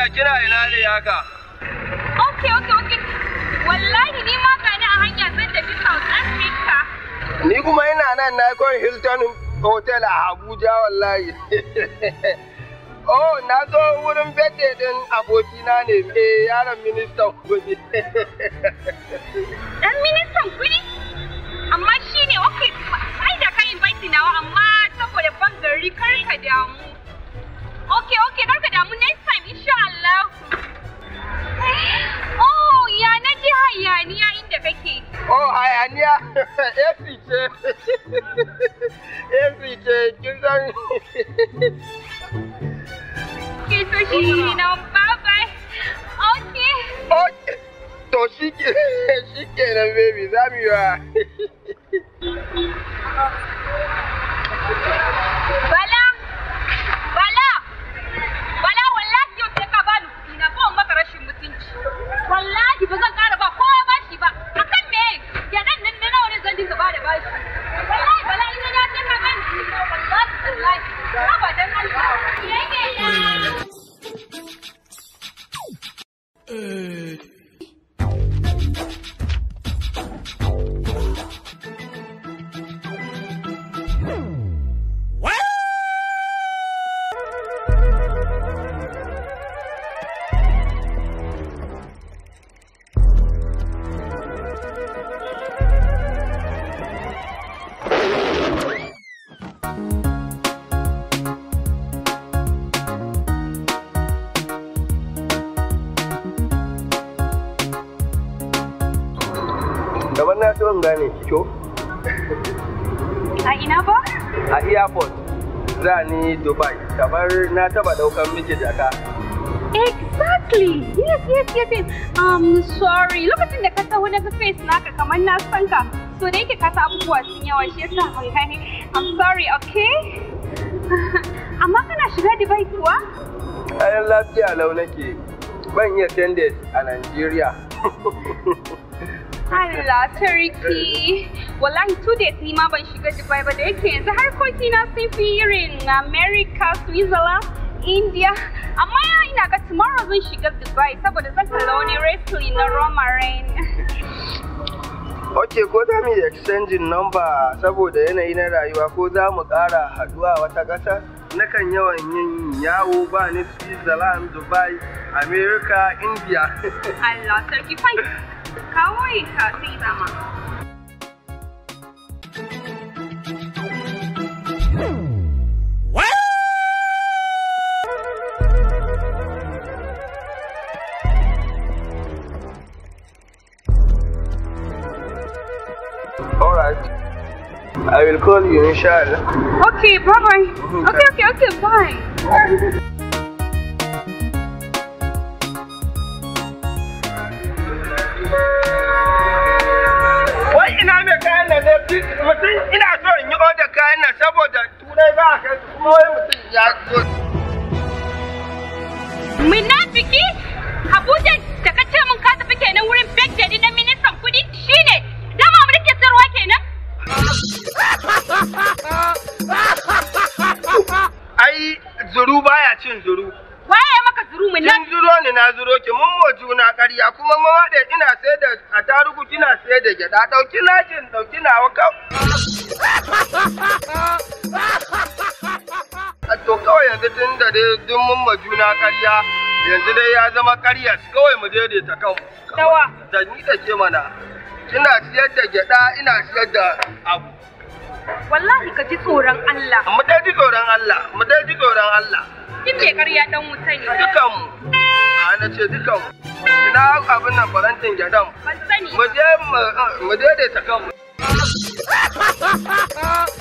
lafiya kira ina ne haka ok ok ok wallahi ni ma gani a hanya zan tafi south africa ni kuma ina nan na kon hilton hotel a abuja wallahi oh na zo wurin bedde din abokina ne eh yaron ministan kudi day, every day, children. Kisushi no bye-bye. Okay. Okay. So she baby. That you are. Gaban na tuwon gane ki to? A ina ba? A airport. Za ni Dubai. Kamar na taba daukan miki jaka. Exactly. Yes, yes, yes, yes. Um, sorry. Lokacin da ka taho na ga face naka kamar na san ka. So da yake ka sa abubuwa sun yawa shi yasa ban gane. I'm sorry, okay? Amma kana shiga Dubai kuwa? Kayan lafiya lau nake. Ban iya tendes a Najeriya. Allah sarki wallahi two days ni ma ban shiga Dubai ba da yake yanzu harkoki na sun fi irin America, Switzerland, India amma ina ga tomorrow zan shiga Dubai saboda zan kalla wani wrestling na Roma Rain. Ok, ko za mu yi exchanging number saboda yanayi na rayuwa ko za mu ƙara haɗuwa wata ƙasa? Nakan yawan yin yawo ba ni Switzerland, Dubai, America, India. Allah sarki fine. Cabo I will call you inshallah. Okay, bye. Mm-hmm. Okay, okay, okay, bye. munafiki abuja da ka ce mun ka tafi kenan wurin big na ministan kudi shine dama mu rike sarwa kenan ai zuru baya cin zuru waye maka zuru mun nan zuro ne na zuro ki mun juna ƙarya kuma mun haɗe ina sai da a taruku kina sai da gyaɗa ɗauki lakin ɗauki nawa kawai kawai yanzu tun da dai duk mun ma juna ƙarya yanzu dai ya zama ƙarya kawai mu daidaita kan Tawa. Da ni da ke mana. Ina siyar da gyada ina siyar da abu. Wallahi ka ji tsoron Allah. Mu dai ji tsoron Allah, mu dai ji tsoron Allah. Kin ne ƙarya dan wuta ne. mu A na ce dukanmu. Ina abin nan farantin gyadan Ban sani. Mu je mu kan mu